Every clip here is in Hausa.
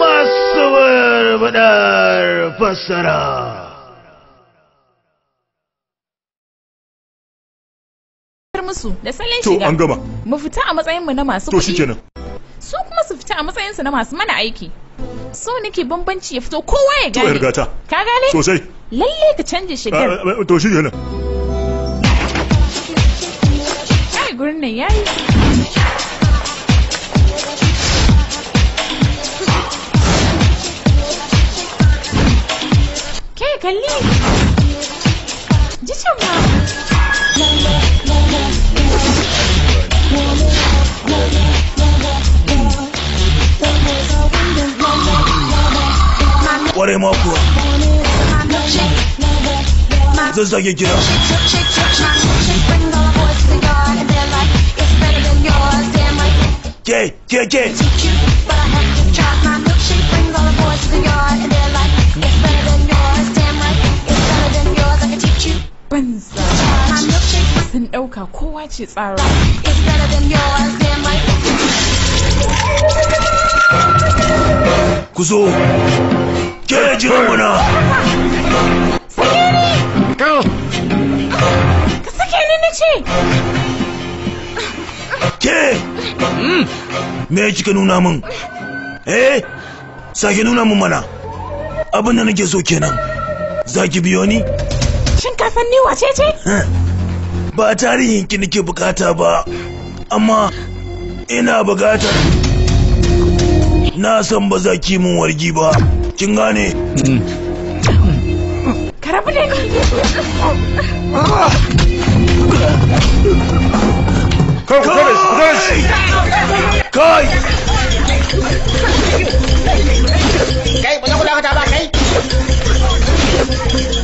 Masu wayar fassara. musu da salon shiga. To an gama. Mu fita a matsayinmu na masu kuɗi. To shikenan. Su kuma su fita a matsayinsu na masu mana aiki. So nake bambanci ya fito kowa ya gane. To yarda ta. Ka gane? Sosai. Lalle ka canje shigar. To shikenan. Ai gurin nan yayi. خليك جيت يا This is how you get up get. I banza sun ɗauka kowa ce tsara kuzo kere jiran jira mana ka sake ni na ce ke hmm. me kika nuna min eh sake nuna min mana abin da nake so kenan za ki biyo ni shin ka ni wace ce? Ba tarihin ki nake bukata ba, amma ina bukata. Na san ba za ki mun wargi ba, kin gane? Ka rabu da Kai! Kai! Kai! Kai! Kai! Kai! Kai! Kai! Kai!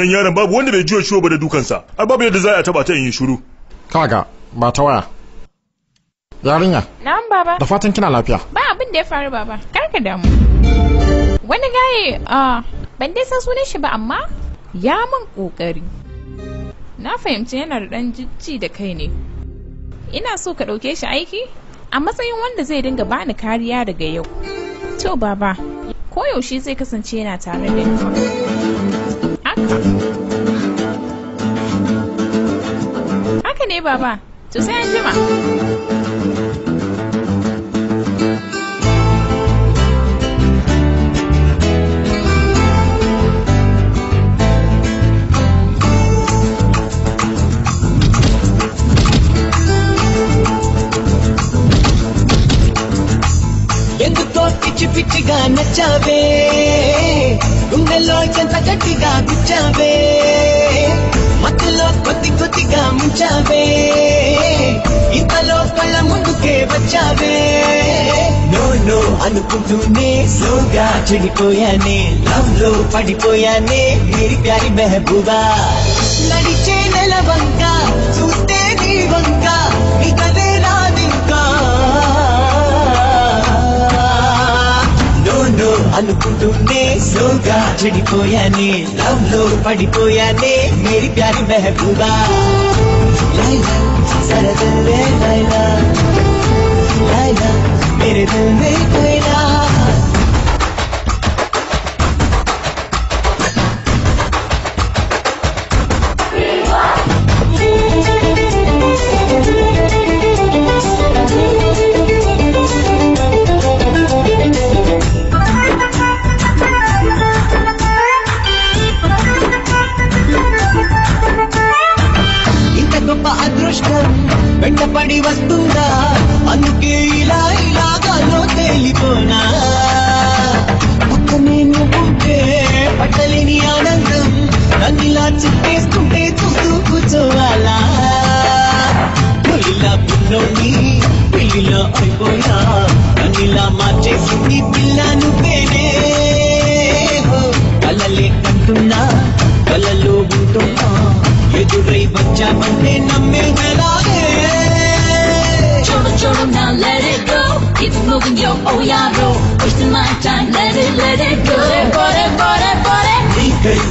wannan yaron babu wanda bai jiyo ciwo ba da dukansa har babu yadda za a taba ta yin shiru kaga ba ta waya yarinya na'am baba da fatan kina lafiya ba abin da ya faru baba kar ka damu wani gaye ah ban dai san sunan shi ba amma ya min kokari na fahimci yana da dan jijji da kai ne ina so ka dauke shi aiki a matsayin wanda zai dinga bani kariya daga yau to baba koyaushe zai kasance yana tare da ni Haka ne baba, to sai an jima. పిచ్చి పిచ్చిగా నచ్చావే గుండెల్లో ఎంత గట్టిగా గుచ్చావే మత్తులో కొద్ది కొద్దిగా ముంచావే ఇంతలో కళ్ళ ముందుకే వచ్చావే నో నో అనుకుంటూనే స్లోగా చెడిపోయానే లవ్ లో పడిపోయానే మీరు ప్యారి మెహబూబా నడిచే నెల వంకా అనుకుంటూనే స్లోగా చెడిపోయానే లవ్ లో పడిపోయానే మేరీ ప్యారి మెహబూబా లైలా సరదలే లైలా లైలా మేరే దిల్ మే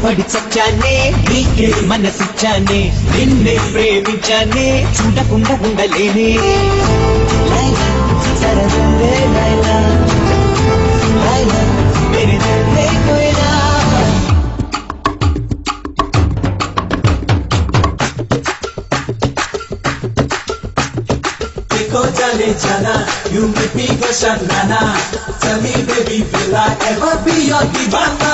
പഠിച്ചച്ചാനെ മനസ്സിച്ചാനെ നിന്നെ പ്രേമിച്ചാനെ ചൂടക്കുണ്ട കുണ്ടലേനെ चले जाना you make me go shanana tell me baby will I ever be your divana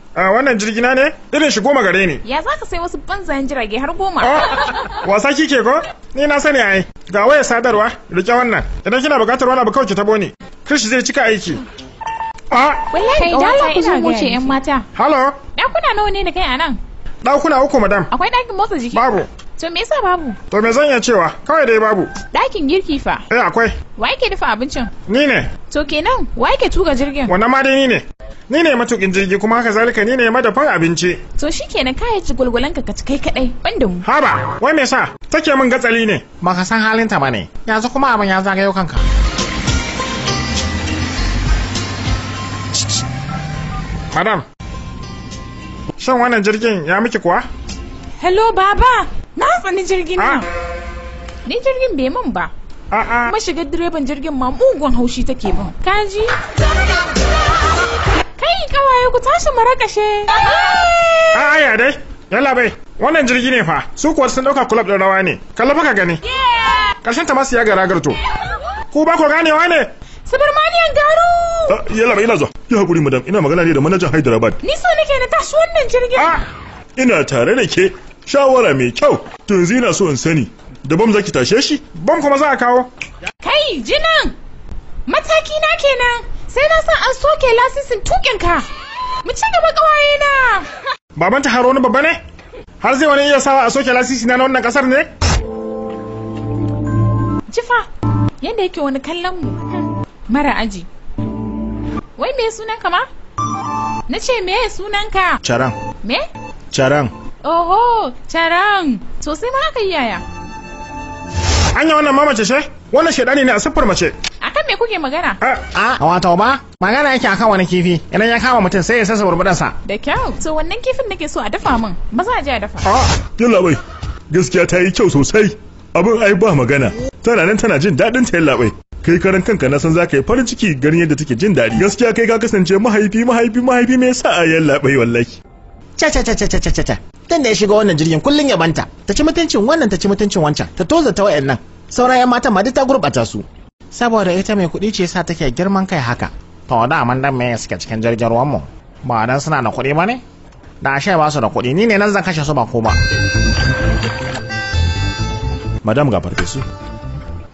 a ah, wannan jirgina ne irin shi goma gare ni ya za ka sai wasu banzayen jirage har goma ah, wasa kike ko ni na sani ai ga waya sadarwa rike wannan idan kina bukatar wani abu kawai tabo ni krish zai cika aiki a ah, kai da ku zo wuce yan mata halo ɗakuna nawa ne da kai anan ɗakuna uku madam akwai ɗakin motsa jiki babu To me yasa babu? To me zan iya cewa kawai dai babu. dakin girki fa? Eh akwai. Wa yake dafa abincin? Ni ne. To kenan wa yake tuka jirgin? Wannan ma dai ni ne. Ni ne matukin jirgi kuma haka zalika ni ne madafan abinci. To shi kenan ka yaci gulgulan ka ci kai kadai banda mu. Haba, wai me sa? Take min gatsali ne. Ba ka san halin ta ne. Yanzu kuma abin ya zagayo kanka. Madam, shin wannan jirgin ya miki kuwa? hello baba na tsani jirgin ah. nan ni jirgin bai min ba ah, ah. kuma shiga direban jirgin ma mugun haushi take mun. kaji kai kawaye ku tashi mu rakashe a'a ya dai yalla bai wannan jirgi ne fa su kuwa sun dauka club din rawa ne kallo baka gani karshen ta masu ya gara garto ku ba ku ganewa ne Subramanian garu yalla bai ina zo ya hakuri madam ina magana ne da manajan Hyderabad ni so nake na tashi wannan jirgin ina tare da ke shawara mai kyau tun zina so in sani da bam zaki tashe shi bam kuma za a kawo kai jinan mataki na kenan sai na san an soke lasisin tukin ka mu ci gaba kawaye na baban ta haro wani babba ne har zai wani iya sawa a soke lasisi na wannan kasar ne jifa yadda yake wani kallon mu mara aji wai me sunan ka ma na ce me sunan ka charan me charan oho taron sosai ma haka yaya An yi wannan mamace ce wannan shaidani ne a siffar mace A kan me kuke magana a a wato ba magana yake akan wani kifi idan ya kama mutum sai ya sasa burbudansa da kyau to wannan kifin nake so a dafa min maza a je a dafa a yalla bai gaskiya ta yi kyau sosai abin ai ba magana tana nan tana jin daɗin ta yalla bai kai karan kanka na san ka yi farin ciki ganin yadda take jin daɗi gaskiya kai ka kasance mahaifi mahaifi mahaifi me yasa a yalla bai wallahi cha cha cha cha cha cha da ya shiga wannan jirgin kullun ya banta ta ci mutuncin wannan ta ci mutuncin wancan ta toza ta wayannan sauran yan matan ma duk ta gurbata su saboda ita mai kuɗi ce sa take girman kai haka to da man dan me suke cikin jirgin ruwan mu ba dan suna da kuɗi ba ne da ashe ba su da kuɗi ni ne nan zan kashe su ba ko ba madam ga farfesu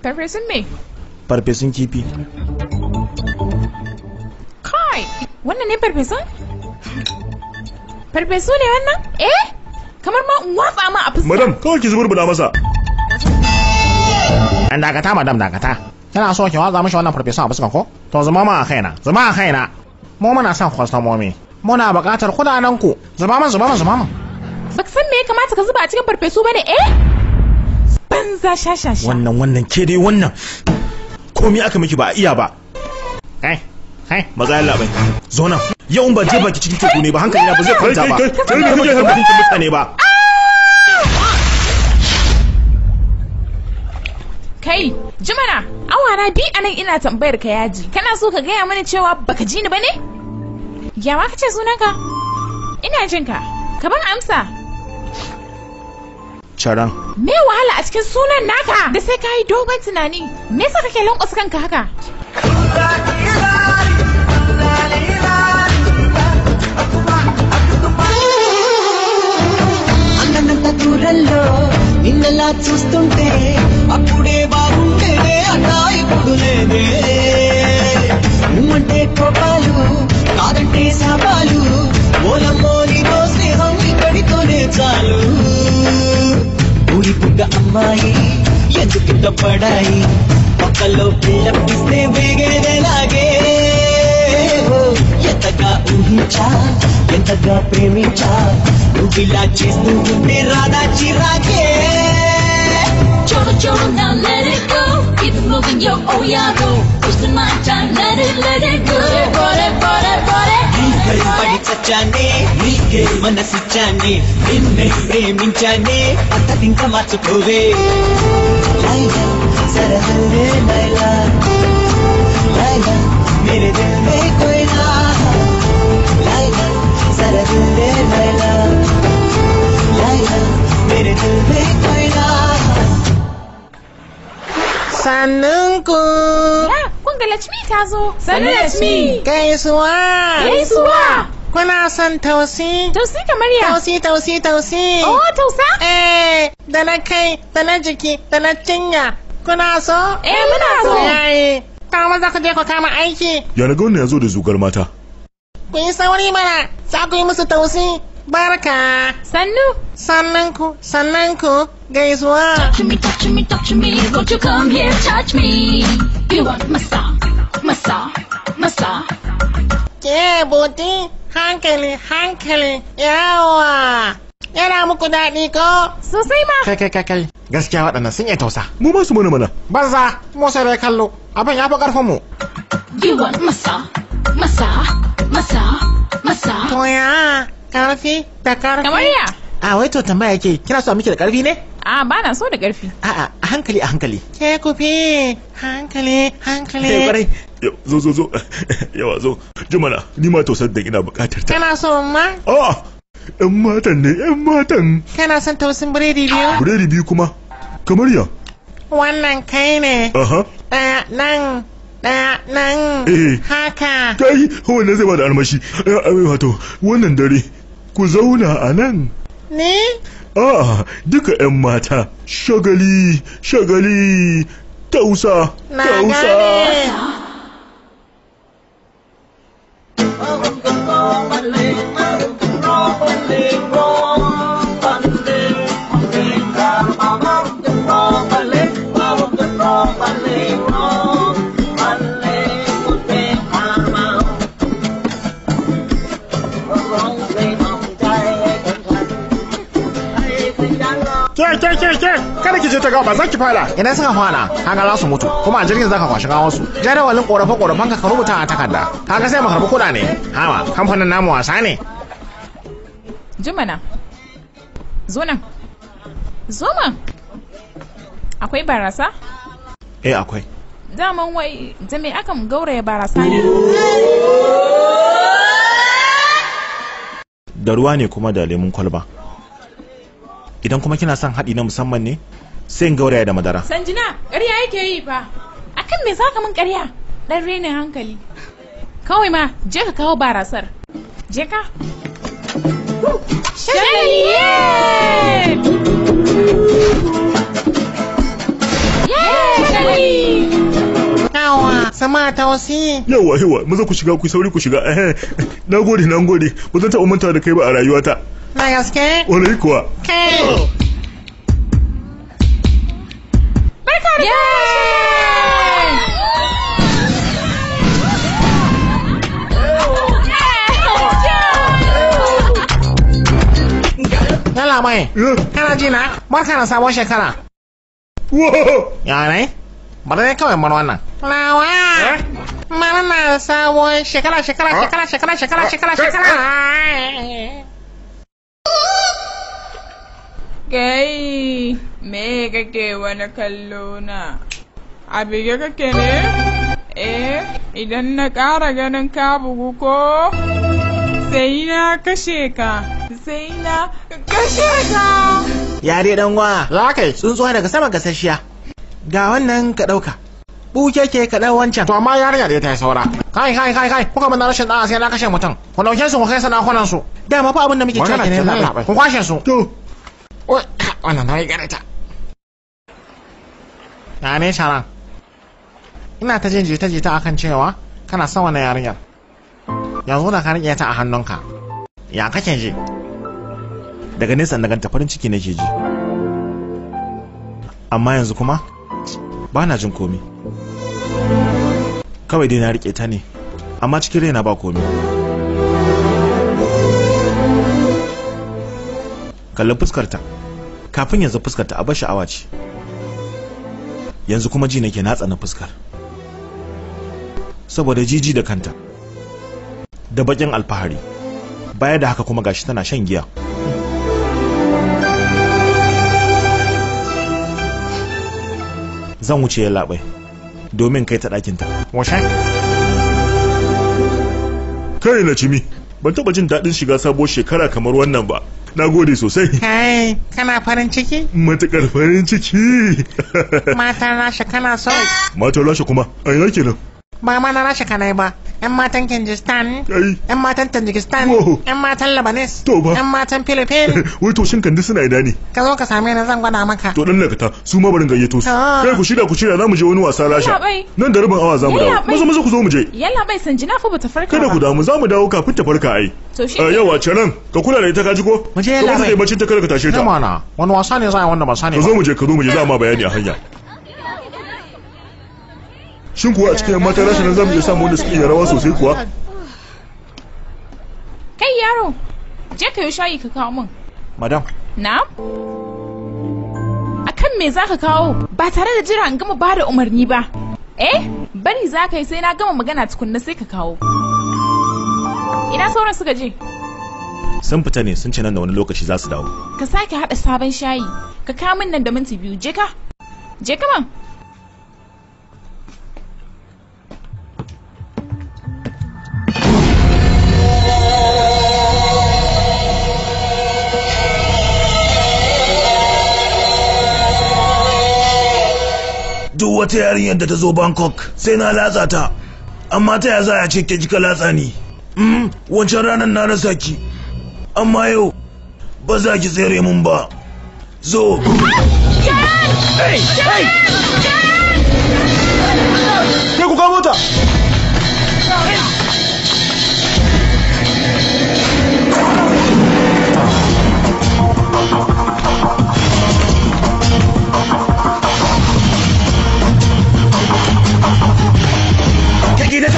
farfesun me farfesun kifi kai wannan ne farfesun farfesu ne wannan eh kamar ma in watsa ma a fuska madam kawai ki zuburbula masa an dakata madam dakata tana so ki watsa mishi wannan farfesun a fuska ko to zama ma a kaina zama a kaina mu muna son kwastomomi muna buƙatar kudanan ku Zama man zama man zama man baka san me ya kamata ka zuba a cikin farfesu bane eh banza shashasha wannan wannan ke dai wannan komai aka miki ba a iya ba Eh, kai ya labai zo nan yau ba je baki cikin teku ne ba hankali na ba zai kwanta ba kai ne kake harba ba kai jimana na bi anan ina tambayar ka yaji kana so ka gaya mana cewa baka ji ni bane yawa kace sunanka ina ka. ka ban amsa caran me wahala a cikin sunan naka da sai ka yi dogon tunani me sa kake lankwasa kanka haka నిన్నలా చూస్తుంటే అప్పుడే బాగుండేదే అన్నా ఇప్పుడు లేదే నువ్వంటే కోపాలు కాదంటే శాపాలు ఓలమ్మో స్నేహం ఇక్కడితోనే చాలు ఊరి పుట్ట అమ్మాయి ఎందుకు పడాయి పక్కలో పిల్ల పిస్తే వేగేదేలాగే ఎంతగా ఊహించా ఎంతగా ప్రేమించా నువ్వు ఇలా చేస్తూ ఉంటే రాదా చిరాకే చూడు చూడు నా Keep it moving, yo, oh yeah, roll. Wasting my time, let it, let it go. Roll it, roll it, roll it. చచ్చానే నీకే మనసిచ్చానే నిన్నే ప్రేమించానే అంతకింక మార్చుకోవే లైలా సరహల్లే లైలా లైలా మేరే దిల్ మే కోయిలా లైలా సరహల్లే లైలా లైలా మేరే దిల్ మే కోయిలా Sannunku! Ya, kun ga Lachmi ta zo. Sannu Lachmi! Gaisuwa! Gaisuwa! Kuna son tausi? Tausi kamar ya? Tausi, tausi, tausi. Oh, tausa? Eh, da na kai, da na jiki, da na cinya. Kuna so? Eh, muna so. Yayi, ta maza ku je ku kama aiki. Ya na gauna ya zo da zugar mata. Ku yi sauri mana, za ku yi musu tausi. barka sannu sannanku sannanku gaisuwa touch me touch me touch me won't you come here touch me you want masa masa masa ke buti, hankali hankali yawa yana muku daɗi ko sosai ma kai kai kai kai gaskiya waɗannan sun yi tausa mu ba su mana mana banza mu sai dai kallo abin ya fi ƙarfin mu you want masa masa masa masa to ya Karfi da karfi. Kamar ya? A ah, wai to tambaya yake kina so miki da karfi ne? A ba na so da karfi. A a hankali a hankali. Ke kufi hankali hankali. Kai eh, kwarai. Zo zo zo yawa zo Jumana ni ma tausar da ina bukatar ta. Kana so ma? A ah, yan matan ne yan matan. Kana son tausin biredi biyu? Biredi biyu kuma kamar ya. Wannan kai ne. Aha. Ɗaya nan ɗaya nan haka kai wannan zai bada armashi wato wannan dare ku zauna a nan ne a'a duka 'yan mata shagali shagali tausa tausa Oh, ta gaba za ki fara idan suka fara kaga za su mutu kuma a jirgin zaka kwashi gawan su jadawalin korafa korafan ka rubuta a takarda kaga sai mu karbi kuɗa ne hama kamfanin namu wasa ne jumana zo nan zo ma akwai barasa eh akwai daman wai da me aka gauraya barasa ne da ruwa ne kuma da lemun kwalba idan kuma kina son haɗi na musamman ne sai gauraya da madara sanjina ƙarya yake yi fa akan me zaka min ƙarya dan renin hankali kawai ma je ka kawo barasar je ka Shaliye! sama ta wasi. Yawa, yawa, maza ku shiga, ku sauri ku shiga. Na gode, na gode, ba zan taɓa manta da kai ba a rayuwata. Na gaske? Wani kuwa. Kai! Yay! card Yay! Yalla mai, kana ji na? Barka da sabon shekara. Ya ne? Bari But they mana wannan. Lawa! Mana na sabon shekara shekara shekara shekara kai me kake wani kallo na a bige kake ne eh idan na ƙara ganin ka bugu ko sai na kashe ka sai na kashe ka yare dan wa za ka yi tsuntsuwa daga sama sashiya. ga wannan ka ɗauka buke ke kaɗan wancan. To amma yarinya da ta yi saura. Kai kai kai kai kuka mana rashin ɗan sai na kashe mutum. Ku ɗauke su ku kai sana'a su. Dama fa abin da muke cewa kenan ku kwashe su. To おいあなながれた ya sharan ina ta jin akan cewa kana son wannan yarinyar yanzu ka rike ta a hannunka ya kake ji daga nesa na ganta farin ciki ji amma yanzu kuma ba na jin komi kawai dai na rike ta ne amma cikin raina ba komi kalli fuskarta kafin yanzu fuskarta a bashi awa ce yanzu kuma ji nake natsa na fuskar saboda jiji da kanta da bakin alfahari baya da haka kuma gashi tana shan giya zan wuce ya labai domin kai ta ɗakinta kai na cimi ban taɓa jin daɗin shiga sabuwar shekara kamar wannan ba na gode sosai kai kana farin ciki Matuƙar farin ciki Mata rasha kana so matan rasha kuma a ina kenan ba ma na rasha kanai ba 'yan matan Kyrgyzstan, 'yan matan Tajikistan, 'yan matan Lebanese, 'yan matan Philippines. Wai to shin kandi suna idani Ka zo ka same ni zan gwada maka. To dan lakata su ma barin gayyato su. Ah. Kai ku shida ku shida zamu je wani wasa Rasha. Nan da rubin awa zamu dawo. Maza maza ku zo mu je. Yalla bai sanjina fa bata farka. Kada ku damu zamu dawo kafin ta farka ai. To shi. Ah, yawa nan ka kula da ita ka ji ko? Mu je yalla. Ka mutu bacin ta kada ka tashe ta. wani wasa ne za a yi wanda ba sani. Ka zo mu je ka zo mu je za ma bayani a hanya. shin kuwa a cikin mata rashin zamu iya samu wanda suke iya rawa sosai kuwa kai yaro je ka yi shayi ka kawo min madam na A kan me za ka kawo ba tare da jira an gama ba da umarni ba eh bari za ka yi sai na gama magana tukunna sai ka kawo ina sauran suka je sun fita ne sun ce nan da wani lokaci za su dawo ka sake haɗa sabon shayi ka kawo min nan da minti biyu je ka je ka man duk wata yarinyar da ta zo bangkok sai na latsa ta amma ta ya za a ce ke jika latsa ni mm, wancan ranar na rasa ki amma yau ba za ki tsere mun ba zo Hey! Hey! Hey! kuka mota! 别动！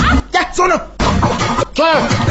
啊！别走呢！走。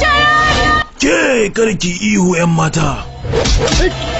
Jangan! Jai, kali ini aku yang mata. Hey.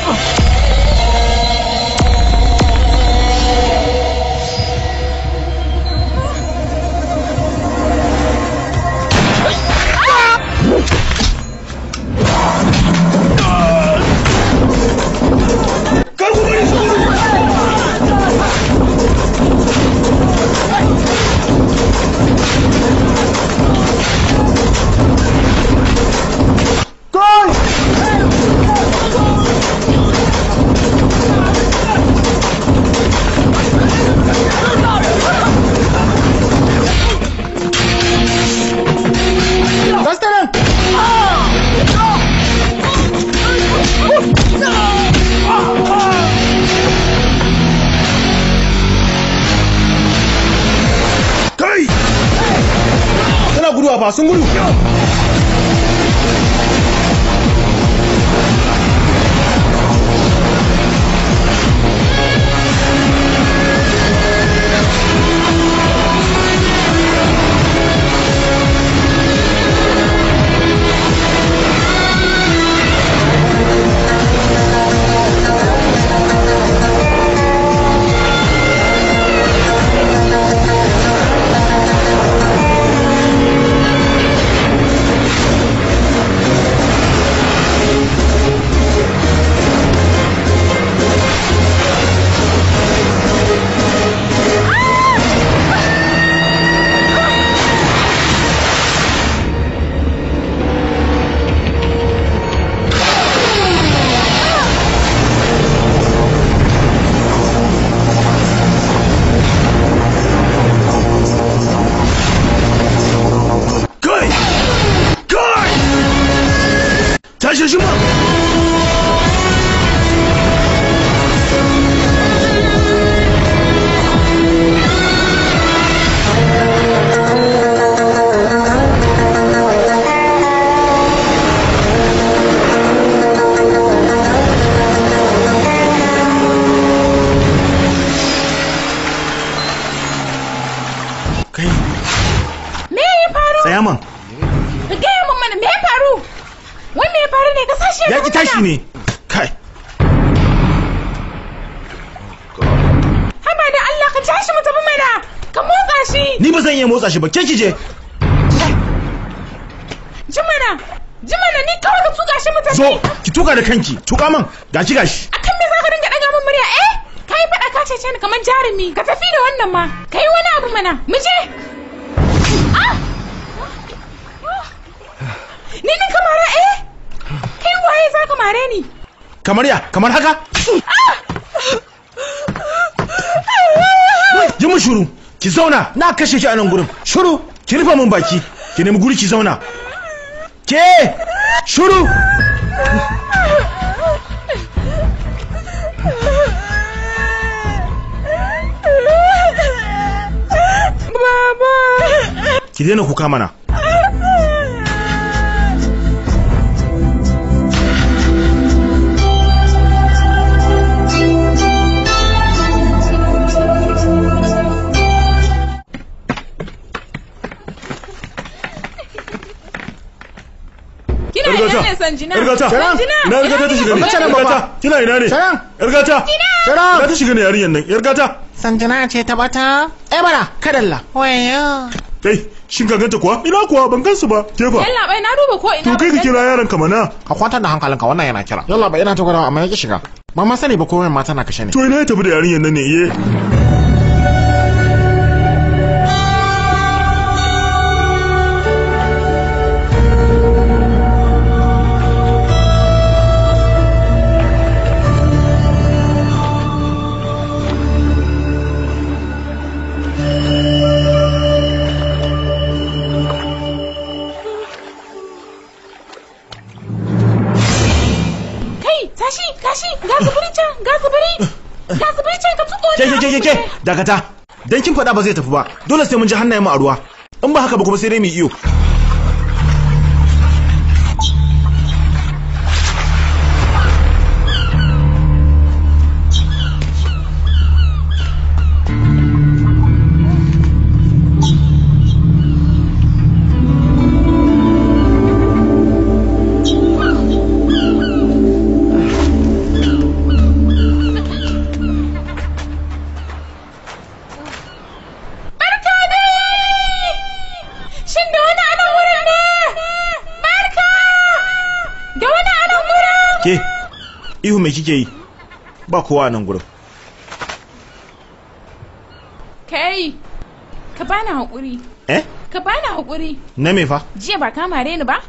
孙무를 motsa shi ba ke kije jimana jimana ni kawai ka tuka shi mutane zo ki tuka da kanki tuka man gashi gashi akan me za ka dinga daga min murya eh kai fada ka ce ni kamar jarumi ka tafi da wannan ma kai wani abu mana mu je ah! ni ne kamar eh kai waye za ka mare ni kamar ya kamar haka ki zauna na kashe shi a nan gurin shuru ki rufe min baki ki nemi guri ki zauna ke shuru baba ki daina kuka mana sanjina na ta shiga na ce ta bata eh bara kadalla wayo kai shin ka ganta kuwa ina kuwa ban gansu ba tefa yalla bai na duba ko ina to kai ka kira yaron ka mana ka kwantar da hankalinka wannan yana kira yalla bai ina ta gwada amma yake shiga mama sani ba komai mata na kashe ne to ina ya tafi da yarinyan nan ne iye eh? ke dakata dan kin faɗa ba zai tafi ba dole sai mun ji hannayen mu a ruwa in ba haka ba kuma sai dai mu iyo me kike yi ba kowa nan gurin kai ka bani haƙuri eh ka bani haƙuri na me fa jiya ba ka mare ni ba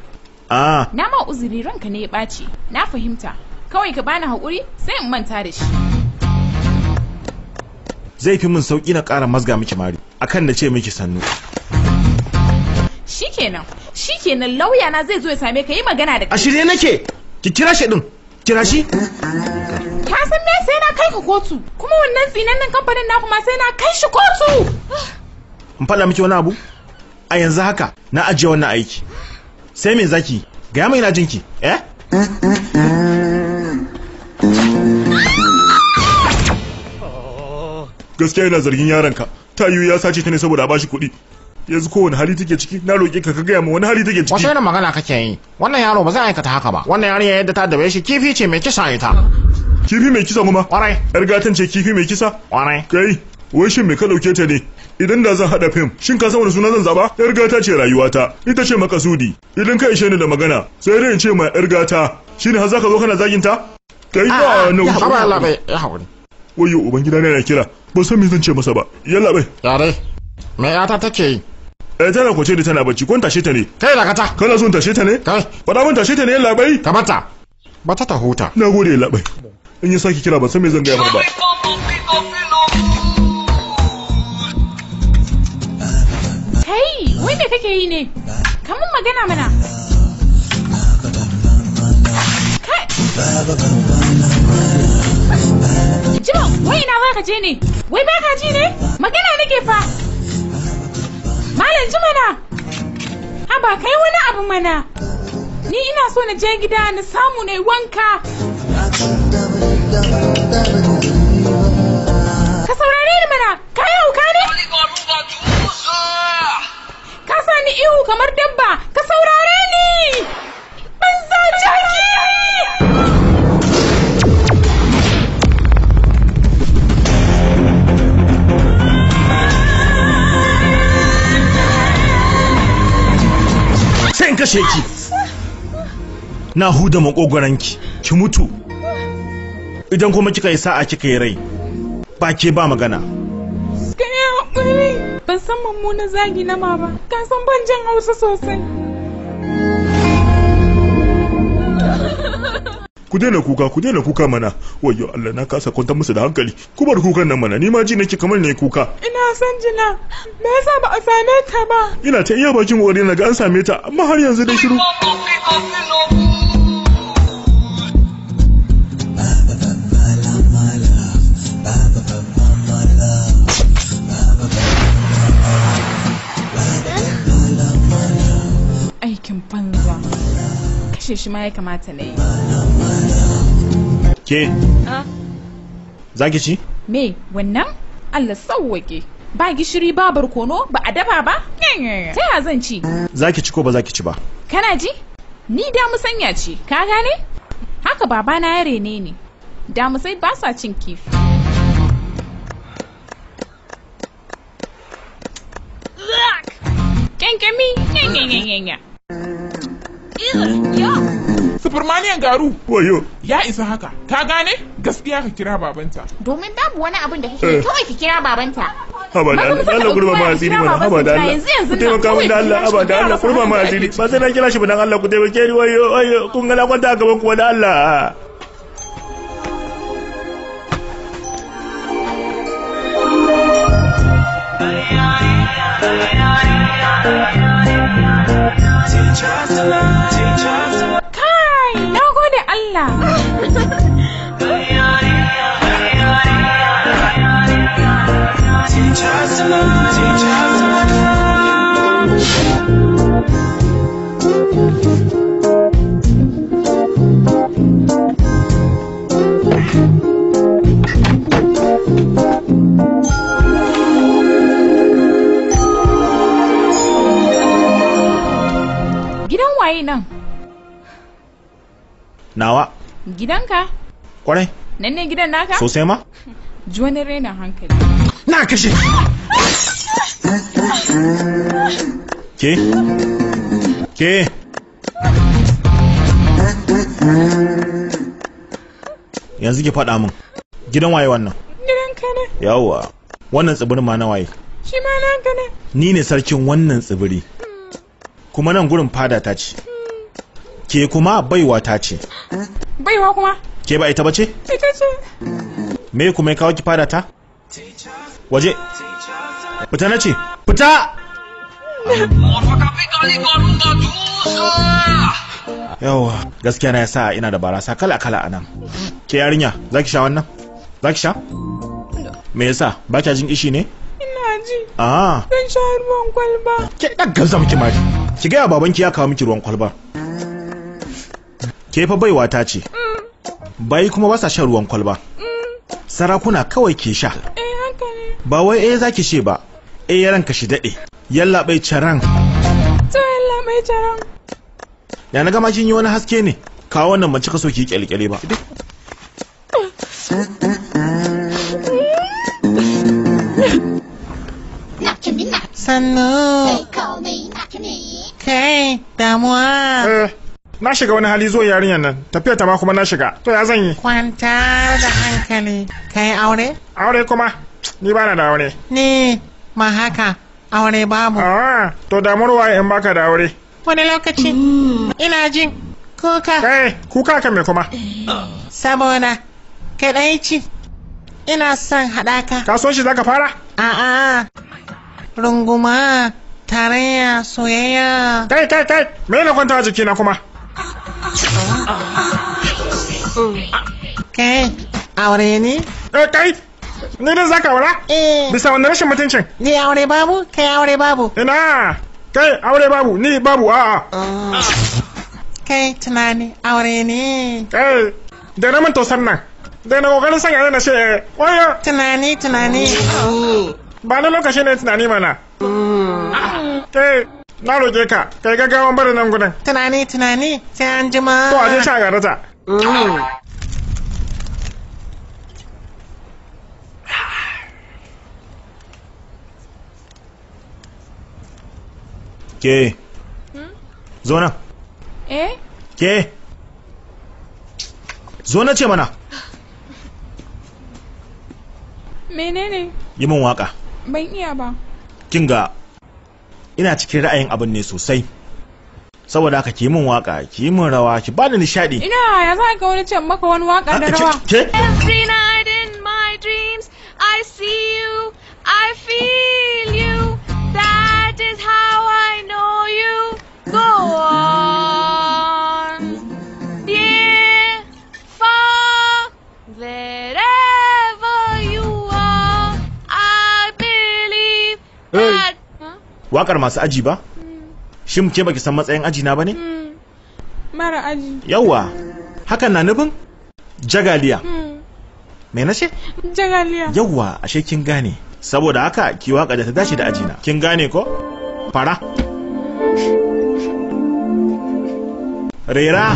ah na ma uzuri ranka ne ya ɓaci na fahimta kawai ka bani haƙuri sai in manta da shi zai fi min sauƙi na ƙara mazga miki mari akan na ce miki sannu shikenan shikenan lauya na zai zo ya same ka yi magana da kai a shirye nake ki kira shi din kira shi ka san me sai na kai ka kotu kuma wannan tsinannen kamfanin naku ma sai na kai shi kotu in faɗa miki wani abu a yanzu haka na ajiye wannan aiki sai me zaki gaya mai na jinki eh gaskiya yana zargin yaronka ta yiwu ya sace ta ne saboda a bashi kuɗi yanzu kowane hali take ciki na roƙe ka ka gaya ma wani hali take ciki wasu irin magana kake yi wannan yaro ba zai aikata haka ba wannan yarinya yadda ta dabe shi kifi ce mai kisa ita kifi mai kisa kuma kwarai yar gatan ce kifi mai kisa kwarai kai wai shin me ka dauke ta ne idan da zan hada fim shin ka san wani suna zan zaba yar gata ce rayuwata ita ce makasudi idan ka ishe ni da magana sai dai in ce mai yar gata shine har zaka zo kana zagin ta kai ba na wuce ba Allah bai ya hakuri wayo ubangida ne na kira ba san me zan ce masa ba yalla bai yare me yata take yi eh tana ce da tana bacci kun tashe ta ne kai da kata kana son tashe ta ne kai faɗa mun tashe ta ne labai ka mata bata ta huta na gode labai in yi saki kira ba san me zan gaya ba kai wai me kake yi ne kamun magana mana Jima, wai ina ba ka je ne? Wai ba ka ji ne? Magana nake fa. Malam ji mana. ba kai wani abu mana. Ni ina so na je gida na samu na wanka. Ka saurare ni mana, ka yi hauka ne? Ka sa ni ihu kamar dabba, ka saurare ni! Ban za jaki! zan kashe ki na huda makogoranki ki mutu idan kuma kika yi sa'a kika yi rai ba ke ba magana ban san mummuna zagi na ma ba ka san ban jin hausa sosai ku daina kuka ku daina kuka mana wayyo Allah na kasa kwantar musu da hankali ku bar kukan nan mana ni ma ji nake kamar ne kuka ina san jina me yasa ba a same ta ba ina ta iya bakin wari na ga an same ta amma har yanzu dai shiru aikin banza kashe shi ma ya kamata na yi ke za ki ci me wannan allah sauwake ba gishiri ba barkono ba a dafa ba ta ya zan ci za ki ci ko ba za ki ci ba kana ji ni da musanya ce ka gane haka babana ya rene ne. da musai ba sa cin kifi Kyankami! Kyankyankyankya! Ugh! Kurmaniyan garu. Wayo. Ya isa haka. ta gane? Gaskiya ka kira babanta. Domin babu wani abin da kake eh. kawai ki kira babanta. Haba da Allah, Allah kurma ma asiri mana. Haba da Allah. Yanzu yanzu. Ku taimaka min da Allah, haba da Allah kurma ma asiri. Ba sai na kira shi ba dan Allah ku taimake ni wayo wayo kun ga na kwanta gaban ku da Allah. Teach us love, teach us love. Nawa? Gidanka? Kwarai. Nan ne gidan naka? Sosai ma? Ji raina hankali. Na kashe! Ke? Ke? Yanzu ki faɗa min. Gidan waye wannan? Gidan ka ne. Yawwa. Wannan tsibirin ma na waye? Shi ma na ka ne. Ni ne sarkin wannan tsibiri. Kuma nan gurin fada ta ce. ke kuma baiwa ta ce baiwa kuma ke ba ita ba ce ita ce me kuma ya kawo ki fada ta waje fita na ce fita yawa gaskiya na yasa ina da barasa kala kala a nan. ke yarinya za ki sha wannan za ki sha me yasa ba kya jin ishi ne ina ji. Ah. Zan sha ruwan kwalba. Ki ɗaga zam maji. mari. Ki gaya babanki ya kawo miki ruwan kwalba. ke fa baiwa ta ce mm. bai kuma ba sa shan ruwan kwalba mm. sarakuna kawai ke sha eh, ba wai eh zaki ce ba eh yaran ka shi dade yalla bai charan to yalla bai charan ya na gama kin yi wani haske ne ka wannan mace ka so ki kyalkyale ba sannu kai damuwa eh. na shiga wani hali zo yarinyar nan tafiya ta ma kuma na shiga to ya zan yi kwanta da hankali kai aure aure kuma ni bana da aure ni ma haka aure babu ah to damar waye in baka da aure wani lokaci ina jin kuka kai kuka ka me kuma saboda kadaici ina son haɗaka ka so shi zaka fara a'a runguma tarayya soyayya kai kai kai me na kwanta jiki jikina kuma Kai, aure ne? Eh, kai, ni da zaka wala? Eh. Bisa wannan rashin mutuncin? Ni aure babu, kai aure babu. Ina, kai aure babu, ni babu a'a. Ah. Kai tunani aure ne. Kai, da na tosar nan. Da na kokarin sanya na ce, waya. Tunani, tunani. Ba na lokaci ne tunani mana. Hmm. Kai, na roke ka kai gaggawan bari nan gudan tunani tunani sai an jima to aje sha ta. Mm. ke hmm? zo nan eh ke zo na ce mana menene yi min waka ban iya ba kinga ina cikin ra'ayin abin ne sosai saboda haka ki min waka ki min rawa ki bani nishadi ina ya za ka wani ce maka wani waka da rawa every night in my dreams i see you i feel you that is how i know you go on yeah far wherever you are i believe hey. wakar masu aji ba shin ke baki san matsayin aji na bane hmm. mara aji yawa hakan na nufin jagaliya hmm. me na ce jagaliya yawa ashe kin gane saboda haka ki waka da ta dace da aji na. kin gane ko fara rera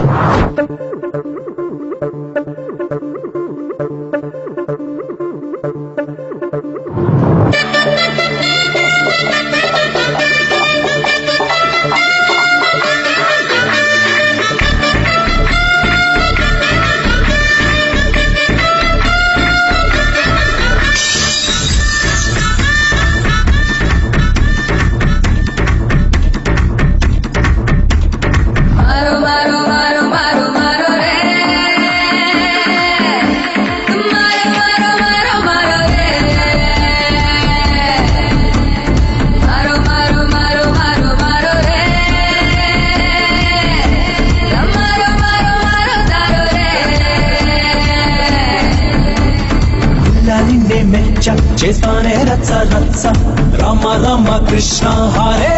చేస్తానే రచ్చ రచ్చ రామ రామ కృష్ణ హరే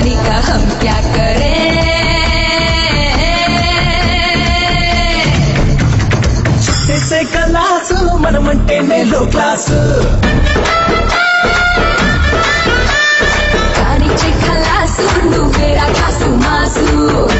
बेचारी का हम क्या करें इसे कलास मन मंटे में लो क्लास खलासू मेरा खासू मासू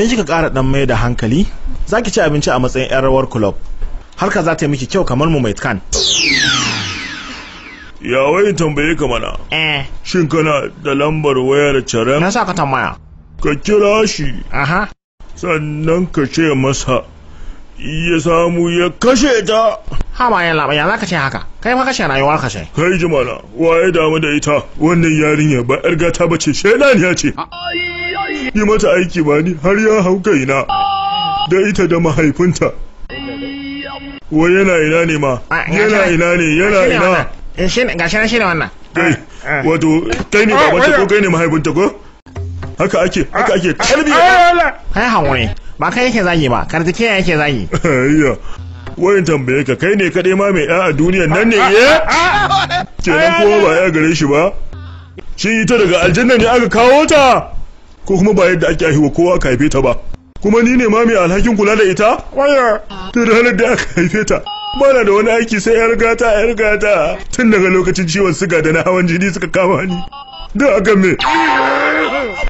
idan kika kara dan mai da hankali za ki ci abinci a matsayin yar rawar club ka za ta yi miki kyau kamar mu mai kan ya wai tambaye ka mana eh shin kana da lambar wayar charan na sa tambaya ka kira shi aha sannan ka ce masa ya samu ya kashe ta hama yan yana ba ka ce haka kai ma kashe rayuwar kashe kai jimala waye damu da ita wannan yarinya ba yar gata bace ya ce yi mata aiki ba ni har ya hau kaina da ita da mahaifinta wa yana ina ne ma yana ina ne yana ina shi ne eh, shi ne wannan kai ah, ah. wato kai ne eh, babanta ko kai ne mahaifinta ko haka ake haka ake ah, talbiya kai hawaye ba kai yake zagi ba kartike yake zagi ayya wayan tambaye ka kai ne kaɗai ma mai ɗa a duniyan nan ne ye eh? nan kowa ba ya gare shi ba shi ita daga aljanna ne aka kawo ta ko kuma ba yadda ake ahiwa kowa aka haife ta ba kuma ni ne ma mai alhakin kula da ita waya ta ranar da aka haife ta Ba na da wani aiki sai yar gata yar gata tun daga lokacin ciwon siga da na hawan jini suka kama ni da aka me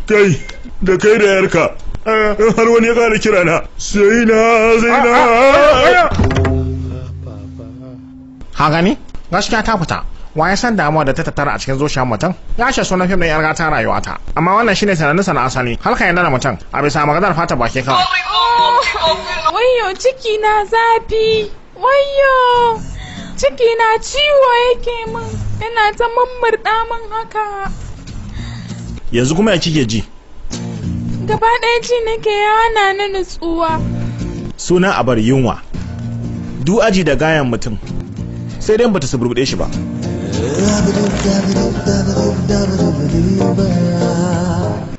kai da kai da yarka har wani ya kada kira na sai na zai na ah, ah, ah, gani gaskiya ta fita wa ya san damuwa da ta tattara a cikin zuciyar mutum ya shi sunan fim ɗin yar gata rayuwata amma wannan shine tunanin sa na asali halka yana da mutum a bisa maganar fata baki kawai wayo ciki na zafi wayo ciki na ciwo yake min ina ta mummurɗa min haka yanzu kuma ya kike ji gaba ɗaya nake ya hana ni nutsuwa suna abar yunwa du aji da gayan mutum sai dai bata suburbuɗe shi ba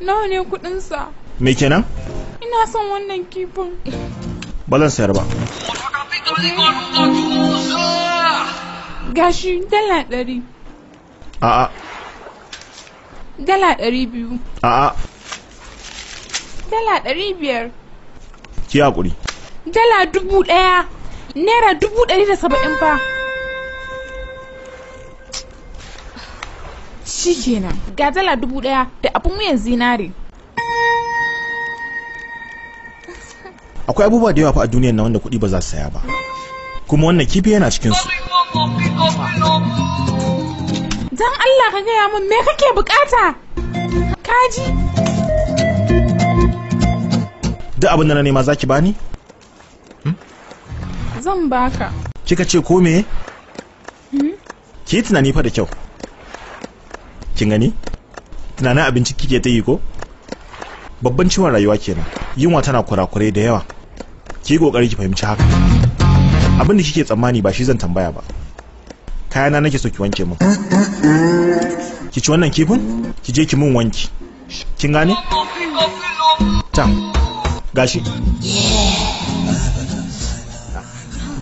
nawa ne kuɗinsa me kenan ina son wannan kifin ba zan sayar ba gashi dala ɗari a'a dala ɗari biyu a'a Dala ɗari biyar. Ki haƙuri. Dala dubu ɗaya. Naira dubu ɗari da saba'in fa. Shi kenan. Ga dala dubu ɗaya da abin wuyan zinare. Akwai abubuwa da yawa fa a duniyar na wanda kuɗi ba za su saya ba. Kuma wannan kifi yana cikinsu. Dan Allah ka gaya min me kake bukata? Kaji? duk abin da na nema zaki bani hmm? zan baka kika ce ko me hmm? ki yi tunani fa da kyau kin gani tunanin abinci kike ta yi ko babban ciwon rayuwa kenan yunwa tana kurakurai da yawa ki kokari ki fahimci haka abin da kike tsammani ba shi zan tambaya ba kayana nake so ki wanke min ki ci wannan kifin ki je ki mun wanki kin gane ta gashi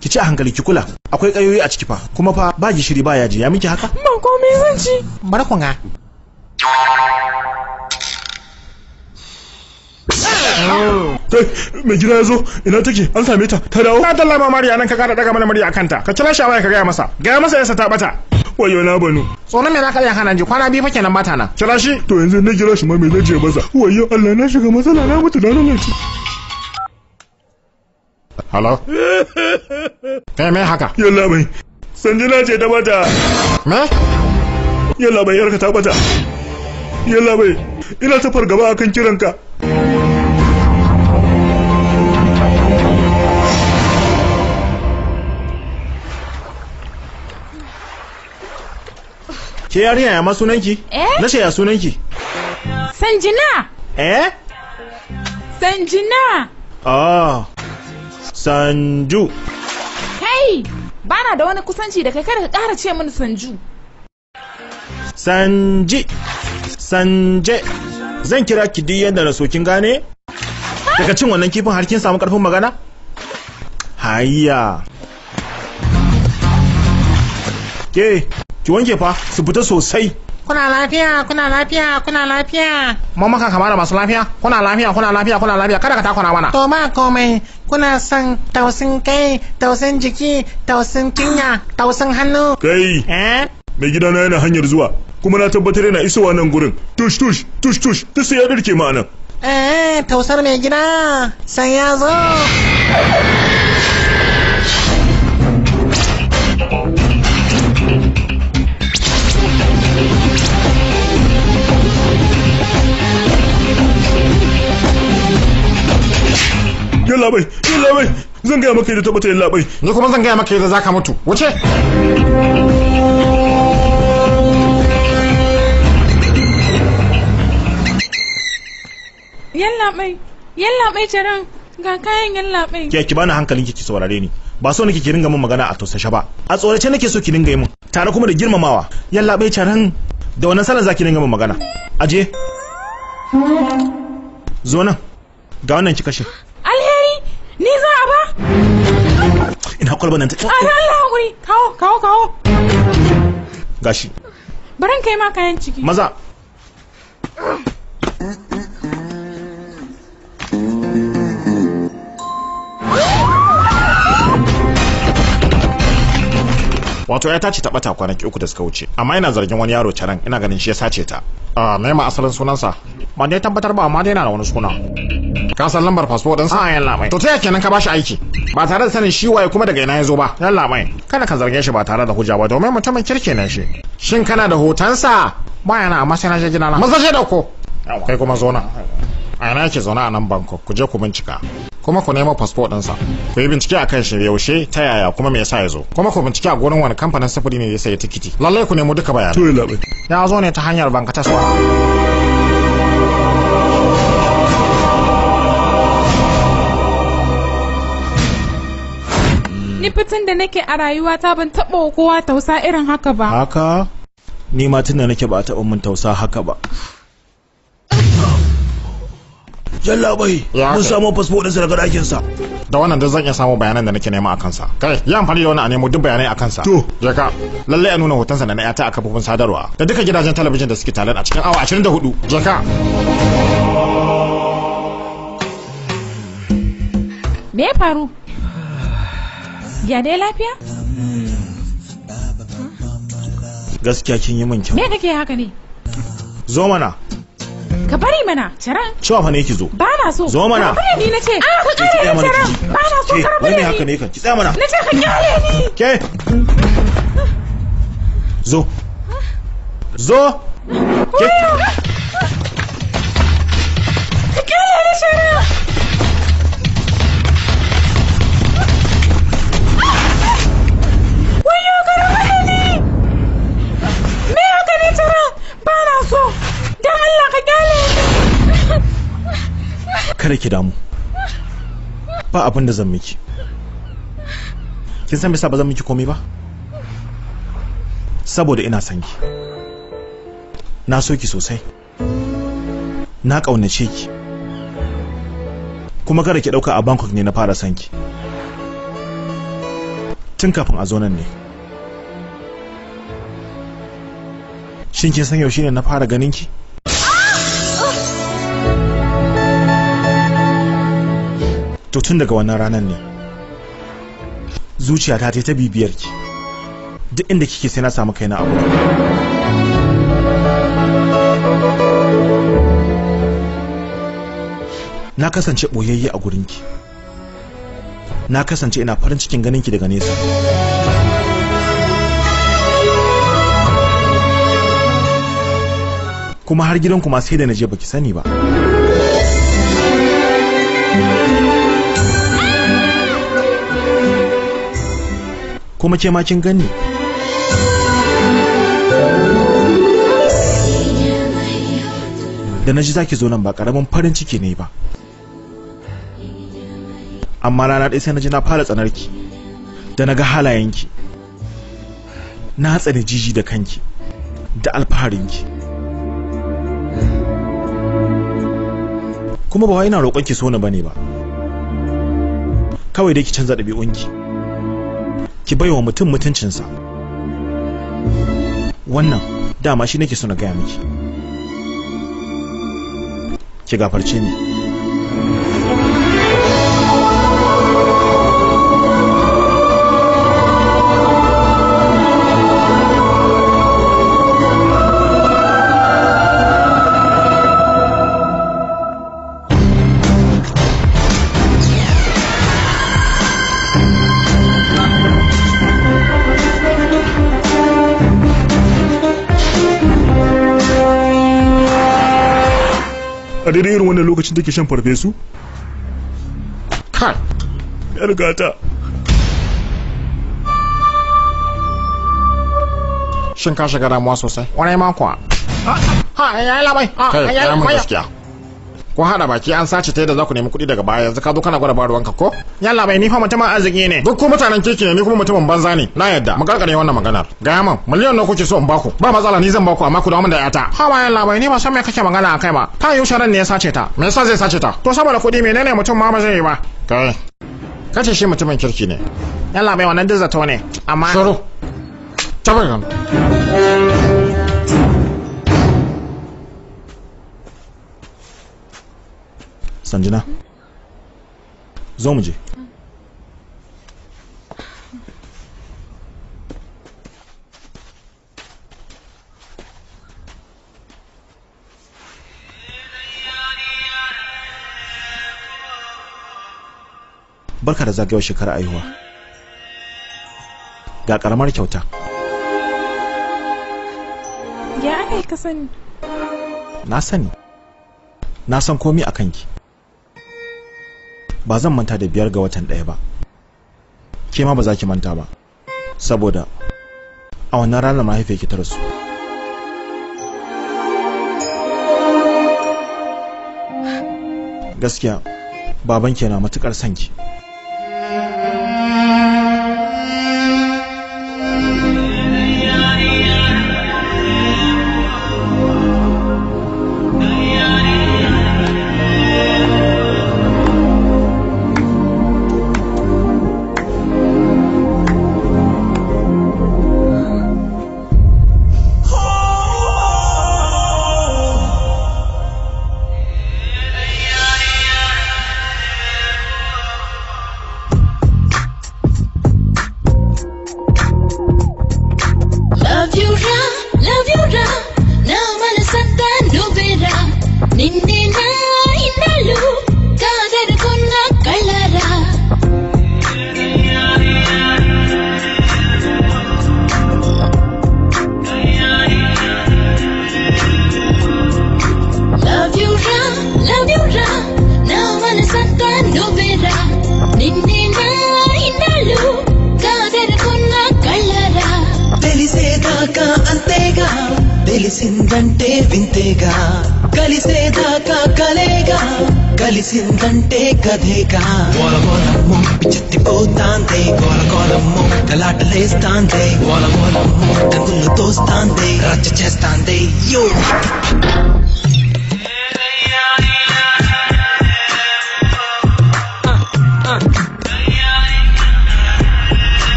ki ci a hankali ki kula akwai kayoyi a ciki fa kuma fa ba gishiri ba yaji ya miki haka ban komai zan ci barkonga mai gida ya zo ina take an same ta ta dawo ta dalla ma mariya nan ka kara daga mana mariya kanta ka kira shawaya ka gaya masa gaya masa yasa ta bata wayo na banu tsoro me zaka iya hanan ji kwana biyu fa kenan bata na kira shi to yanzu na jira shi ma me zai je masa wayo Allah na shiga matsala na mutu da lalace Hello? Kai eh, me haka? Yalla bai. Sanjina ce ta bata. Me? Yalla bai yarka ta bata. Yalla bai. Ina tafar gaba akan kiranka. ke yarinya ya ma sunanki eh na shaya sunanki sanjina eh sanjina ah sanju kai bana da wani kusanci da kai kada ka ƙara ce mini sanju sanji sanje zan kira ki duk yadda na so gane daga cin wannan kifin har kin samu karfin magana hayya ke ki wanke fa su fita sosai kuna lafiya kuna lafiya kuna lafiya mun maka kama da masu lafiya kuna lafiya kuna lafiya kuna lafiya kada ka takura mana to ma komai kuna son tausin kai tausin jiki tausin kinya tausin hannu kai eh mai gidana yana hanyar zuwa kuma na tabbatar yana isowa nan gurin tush tush tush tush duk sai ya dirke ma eh, eh tausar mai gida san ya zo yalla bai yalla bai zan gaya maka yadda tabbata yalla bai ni kuma zan gaya maka yadda zaka mutu wuce yalla bai yalla bai jaran ga kayan yalla bai ke ki bani hankalin ki ki saurare ni ba so nake ki ringa min magana a tausashe ba a tsorace nake so ki ringa yi min tare kuma da girmamawa yalla bai jaran da wannan salon zaki ringa min magana aje zo nan ga wannan ki kashe alheri ni za a ba ina kwalba nan ta a na Allah hakuri kawo kawo kawo gashi baran kai ma kayan ciki maza wato ya tace ta kwanaki uku da suka wuce amma ina zargin wani yaro canan ina ganin shi ya sace ta a ah, nema asalin sunansa ban dai tabbatar ba amma dai yana da wani suna ka san lambar fasfo sa. a ah, yalla mai to ta kenan ka bashi aiki ba tare da sanin shi waye kuma daga ina ya zo ba yalla mai kada ka zarge shi ba tare da hujja ba domin mutumin kirke ne shi shin kana da hotonsa ba yana amma sai na je gidana maza da dauko kai kuma zo a yana yake zaune a nan bangkok ku je ku bincika kuma ku nemo fasfo ɗinsa ku yi bincike a kan shi yaushe ta yaya kuma me yasa ya zo kuma ku bincike a gurin wani kamfanin sufuri ne ya sayi tikiti lallai ku nemo duka bayanai ya zo ne ta hanyar bankataswa ni fitin da nake a rayuwata ban taɓa kowa tausa irin haka ba haka ni ma tun da nake ba a taɓa mun tausa haka ba Jalla bai mun samu fasfo ɗinsa daga ɗakinsa. Da wannan da zan iya samu bayanan da nake nema a kansa. Kai, yi amfani da wani a nemo duk bayanai a kansa. To, je ka. Lalle a nuna hotonsa da na yata a kafofin sadarwa da duka gidajen talabijin da suke talar a cikin awa 24. Je ka. Me ya faru? Ya dai lafiya? Gaskiya kin yi min kyau. Me kake haka ne? Zo mana. ka bari mana caran cewa fa ne ki zo ba na so zo mana ka ni na ce a ka kare ni ba na so ka rabu ne haka ne ka ki tsaya mana na ce ka kare ni ke zo zo ke ka kyale ni caran Bana so, don Allah ka kyale kada ki damu ba abin da zan miki kin san me yasa ba zan miki komai ba saboda ina son ki na so ki sosai na ƙaunace ki kuma kada ki ɗauka a bangkok ne na fara son ki tun kafin a zo nan ne shin kin san yaushe ne na fara ganin ki to tun daga wannan ranar ne zuciya ta ta bibiyar ki duk inda kike sai na samu kaina a abu na kasance boyayye a gurinki na kasance ina farin cikin ganin ki daga nesa kuma har ku ma sai da naje je baki sani ba kuma ke ma kin gani da na ji zaki zo nan ba karamin farin ciki ne ba amma rana ɗaya sai na ji na fara tsanarki da na ga halayen ki. na tsane jiji da kanki da ki. kuma ba wa ina roƙon ki so na bane ba kawai dai ki canza ɗabi'unki ki wa mutum mutuncinsa wannan dama shi nake so na gaya miki ki gafarce ni daidai irin wannan lokacin take shan farfesu kai yar gata shin ka shiga damuwa sosai wani ma kuwa ha yayi labai ha yayi labai gaskiya ko haɗa baki an sace ta da za ku nemi kuɗi daga baya yanzu ka zo kana gwada ruwanka ko yalla bai ni fa mutumin arziki ne duk ku mutanen kirki ne ni kuma mutumin banza ne na yadda mu karkare wannan maganar ga man miliyan nawa kuke so in baku ba matsala ni zan baku amma ku dawo da yata ha ma yalla bai ni ba san me kake magana kai ba ta yau sharan ne ya sace ta me yasa zai sace ta to saboda kuɗi menene mutum ma ba zai yi ba kai kace shi mutumin kirki ne yalla bai wannan duk zato ne amma shiru tabayan sanjina zo mu je barka da zagayowar shekarar aihuwa ga karamar kyauta ya aka yi ka sani na sani na san komi a kanki ba zan manta da biyar ga watan ɗaya ba ke ma ba za ki manta ba saboda a wannan ranar mahaifiyar ki ta rasu gaskiya baban yana matukar sanki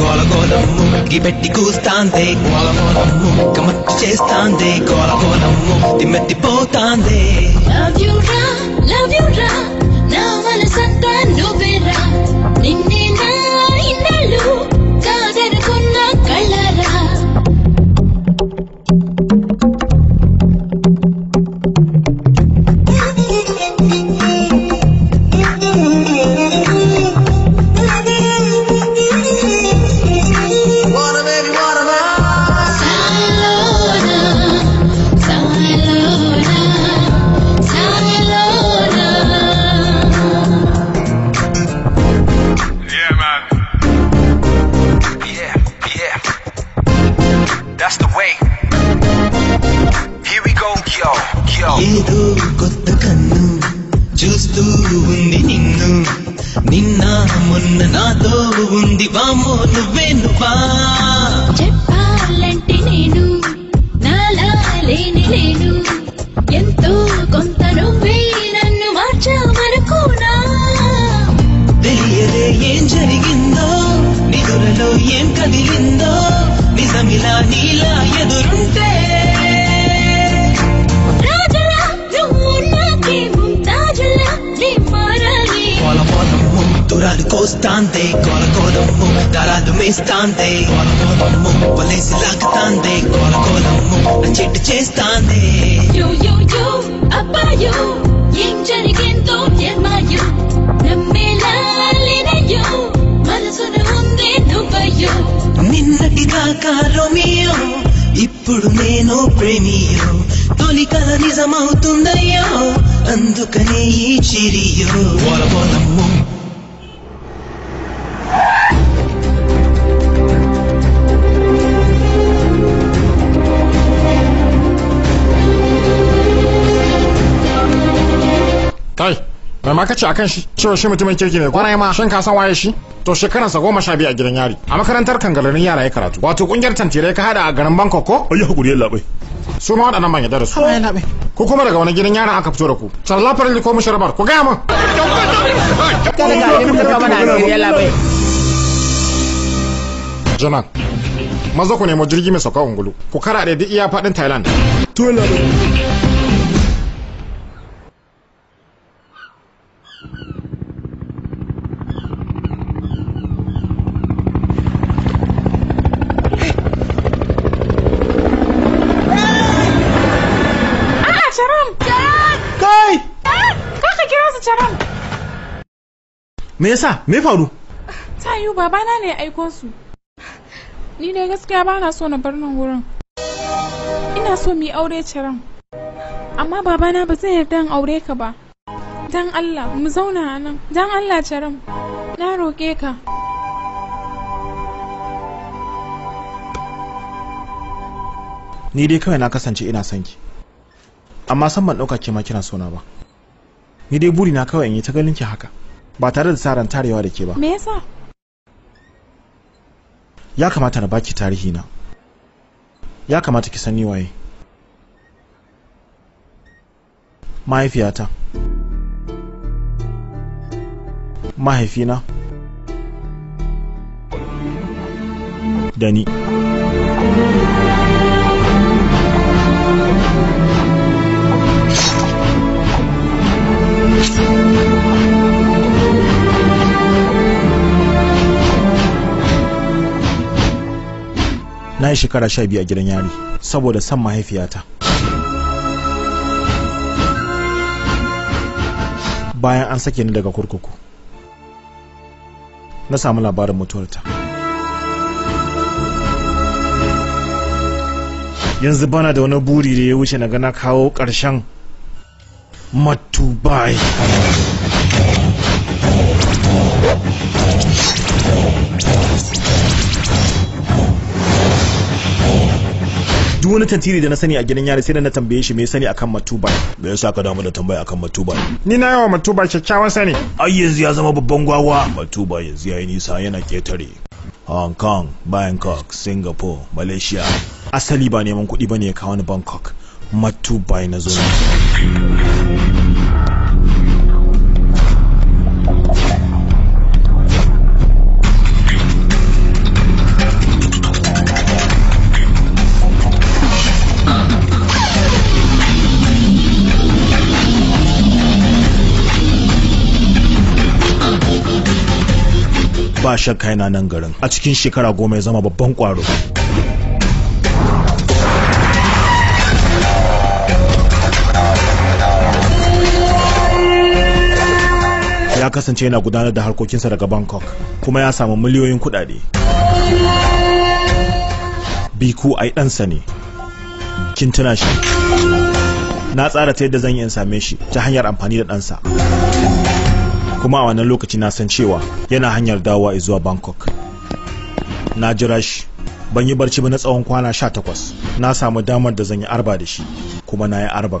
గోలగోలమ్ము గిపెట్టి కూస్తాందే గోలగోలమ్ము కమట్టు చేస్తాందే గోలగోలమ్ము తిమ్మెత్తిపోతాందే love you రా love you రా నా మనసంతా నువ్వే రా నిన్నే చెట్టు చేస్తాంది ఏం మనసున నిన్నటి దాకా రొమియో ఇప్పుడు నేను ప్రేమియో తొలి కథ నిజమవుతుందయ్యో అందుకనే ఈ చిరియో kai mai ma ce akan shi cewa shi mutumin kirki ne kwarai ma shin ka san waye shi to shekaransa goma sha biyu a gidan yari a makarantar kangalarin yara ya karatu wato kungiyar tantirai ka hada a garin bangkok ko ayi hakuri yallabai. labai su ma waɗannan ban yadda da su ku kuma daga wani gidan yara aka fito da ku sarlafar ko musharabar ku gaya min janan maza ku nemo jirgi mai sauka ungulu ku kara da duk iya faɗin thailand me yasa me faru ta tayu babana ne ya su ni dai gaskiya ba na so na bar nan wurin ina so mu yi aure ciran amma babana ba zai yarda in aure ka ba dan Allah mu zauna a nan dan Allah ciran na roƙe ka ni dai kawai na kasance ina son ki amma san ban ɗauka ke ma kina sona ba ni dai buri na kawai in yi ta ganin haka ba tare da tsarin tarewa da ke ba me yasa ya kamata na baki tarihi na ya kamata ki sani waye mahaifiyata mahaifina dani ni yi shekara sha biyu a gidan yari saboda son mahaifiyata bayan an sake ni daga kurkuku na samu labarin mutuwarta yanzu bana da wani buri da ya wuce na gana kawo ƙarshen matubai duk wani tantiri da na sani a gidan yari sai da na tambaye shi me sani akan matuba me yasa ka damu da tambaya akan matuba ni na yawa matuba kyakkyawan sani ai yanzu ya zama babban gwagwa matuba yanzu yayi nisa yana ketare Hong Kong, Bangkok, Singapore, Malaysia. Asali ba neman kuɗi bane ya kawo ni Bangkok. Matuba na zo. shakka yana nan garin a cikin shekara goma ya zama babban kwaro ya kasance yana gudanar da harkokinsa daga bangkok kuma ya samu miliyoyin kudade biku ai ɗansa ne kin tuna shi na tsara ta yadda zan yi in same shi ta hanyar amfani da ɗansa kuma a wannan lokaci na san cewa yana hanyar dawa zuwa bangkok na jira shi ban yi barci ba na tsawon kwana 18 na samu damar da zan yi arba da shi kuma na yi arban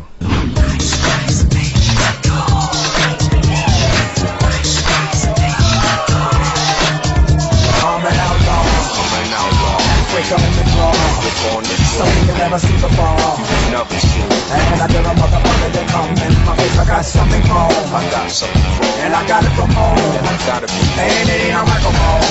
Something you never seen before No And I did a motherfucker that come in my face I got something wrong I got something wrong And I got it from home And I got it from home And it ain't a microphone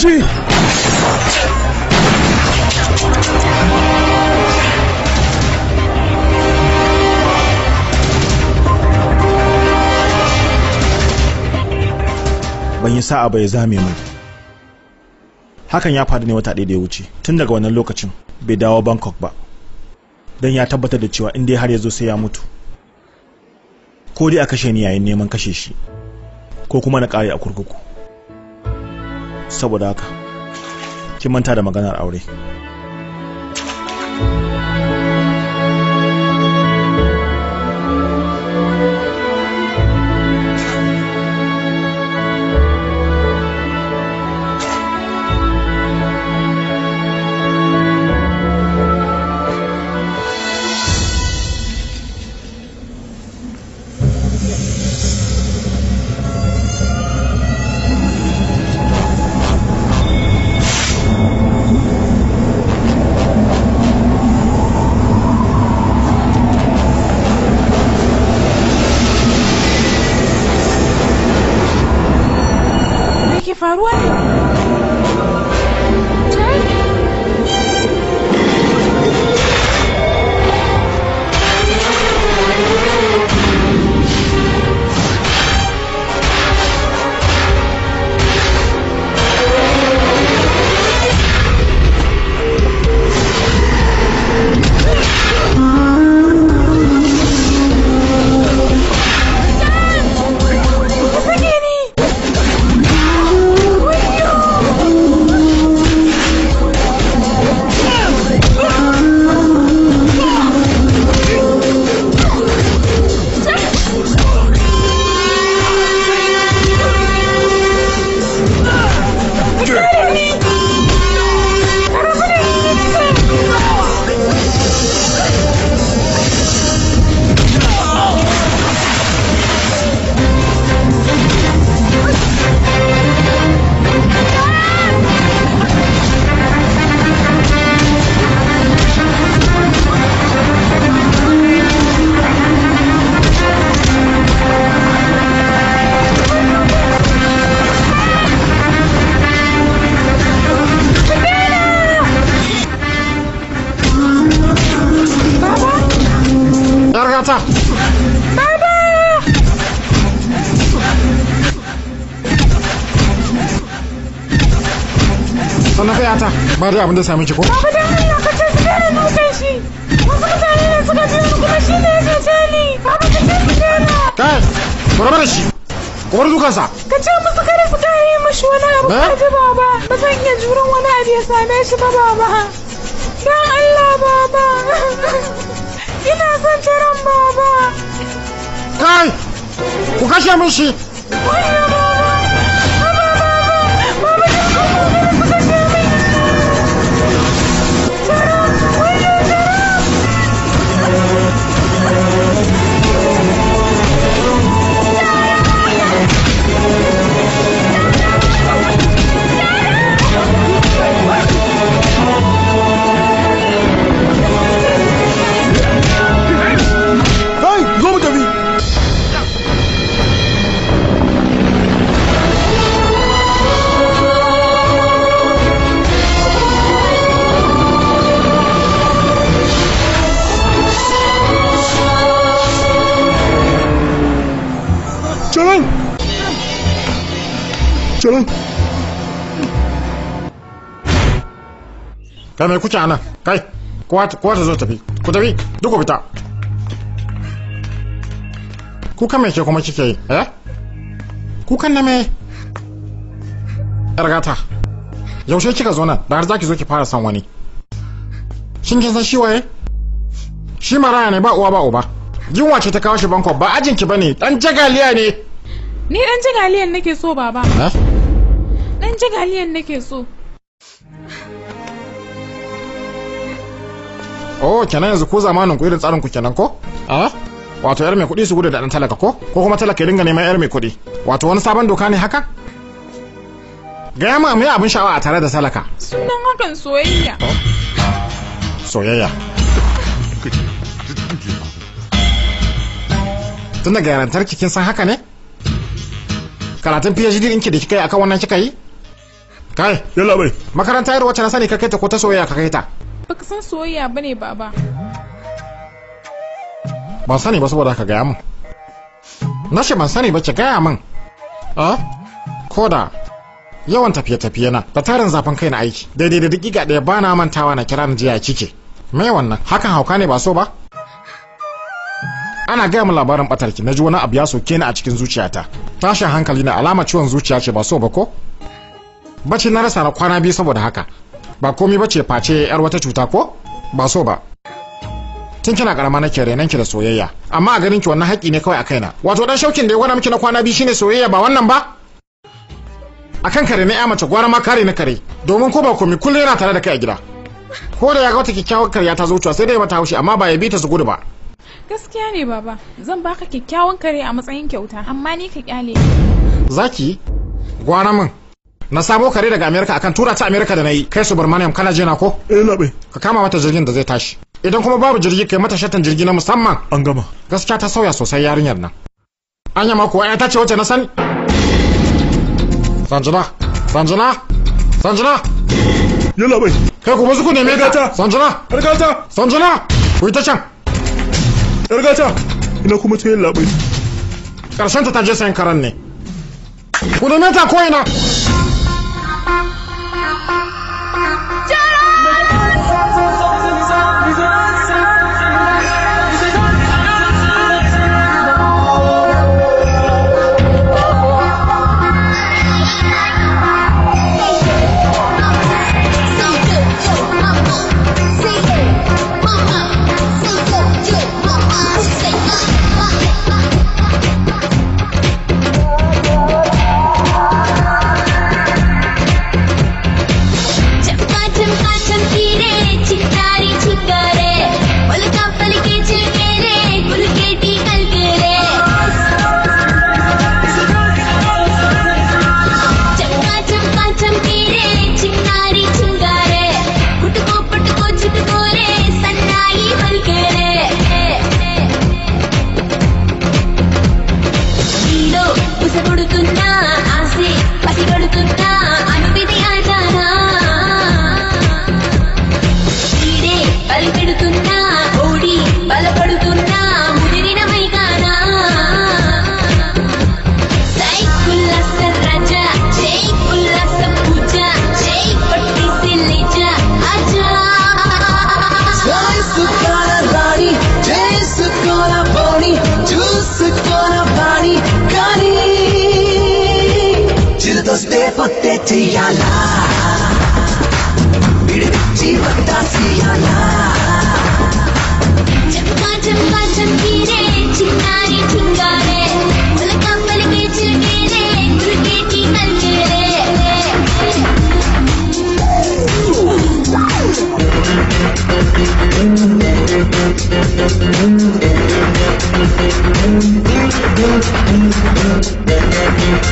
shi ban yi sa'a bai zame mu hakan ya faru ne wata ɗaya da ya wuce tun daga wannan lokacin bai dawo bangkok ba don ya tabbatar da cewa in dai har ya zo sai ya mutu ko dai a kashe ni yayin neman kashe shi ko kuma na ƙare a kurkuku saboda haka kin manta da maganar aure ga abin da same ki ko ba da Allah ka ce ki dare dukan shi wasu mutane ne suka ji kuma shi ne ya ce ni ba ba ka ce ki dare kai ku rabar shi ku bar dukansa ka ce musu kada su yi mashi wani abu ka ji baba ba zan iya juran wani abu ya same shi ba baba don Allah baba ina son taron baba kai ku kashe mishi kai mai kuce anan kai kowa ta zo tafi ku tafi duk fita kuka mai ke kuma kike yi eh kukan na mai yar yaushe kika zo nan da har zaki zo ki fara san wani shin kin san shi waye shi maraya ne ba uwa ba uba yunwa ce ta kawo shi bankon ba ajin ki ne. dan jagaliya ne ni dan jagaliyan nake so baba eh? dan jagaliyan nake so oh kenan yanzu ko zamanin ku irin tsarin ku kenan ko a wato yar mai kuɗi su gudu da ɗan talaka ko ko kuma talaka ya dinga neman yar mai kuɗi wato wani sabon doka ne haka gaya ma mai abin sha'awa a tare da talaka sunan hakan soyayya soyayya tun daga yarantar kin san haka ne karatun phd ɗinki da kika yi akan wannan kika yi kai yalla bai makaranta yar wacce na sani ka kai ta ko ta soyayya ka kai ta baka san soyayya bane ba. ban sani ba saboda ka gaya min na ce ban sani ba ki gaya min a koda yawan tafiye-tafiye na da tarin zafin kai na aiki daidai da dakika ɗaya ba na mantawa na kira jiya kike me wannan hakan hauka ne ba so ba ana gaya min labarin batarki na ji wani abu ya soke ni a cikin zuciyata tashin hankali na alama ciwon zuciya ce ba so ba ko bacci na rasa na kwana biyu saboda haka ba komai ba ce face yar wata cuta ko ba so ba tun kina karama nake renan ki da soyayya amma a garin ki wannan haƙi ne kawai a kaina wato dan shaukin da ya gwada miki na kwana biyu shine soyayya ba wannan ba kan kare na ya mace gwara ma kare na kare domin ko ba komi kullum yana tare da kai a gida ko da ya ga wata kyakkyawar karya ta zuciya sai dai mata haushi amma ba ya bi ta su gudu ba gaskiya ne baba zan baka kyakkyawan kare a matsayin kyauta amma ni ka kyale zaki gwara min na samo kare daga amerika akan tura ta amerika da na yi kai su bar manam kana jina ko eh labe ka kama mata jirgin da zai tashi idan kuma babu jirgi kai mata shatan jirgi na musamman an gama gaskiya ta sauya sosai yarinyar nan anya ma kuwa ta ce wacce na sani sanjina sanjina sanjina yalla bai kai ku ne ku neme ta sanjina rigata sanjina ku ita ta can rigata ina kuma ta yalla bai karshen ta ta je sayan karan ne ku neme ta ko ina Thank you. ಮೆಚ್ಚ ಯಾಲ ಬಿಡುಚ್ಚಿ ಬಗ್ದಾಸಿ ಯಾಲ ಚಂಪ ಚಂಪ ಚಂಪೀರೆ ಚಿನ್ನಾರಿ ಚಿಂಗಾರೆ ಮುಲಕ ಮಲಗೆ ಚಿಲಗೇರೆ ಮುರುಗೆ ಕಿ ಮಲ್ಗೇರೆ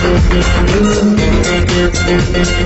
Thank you. thank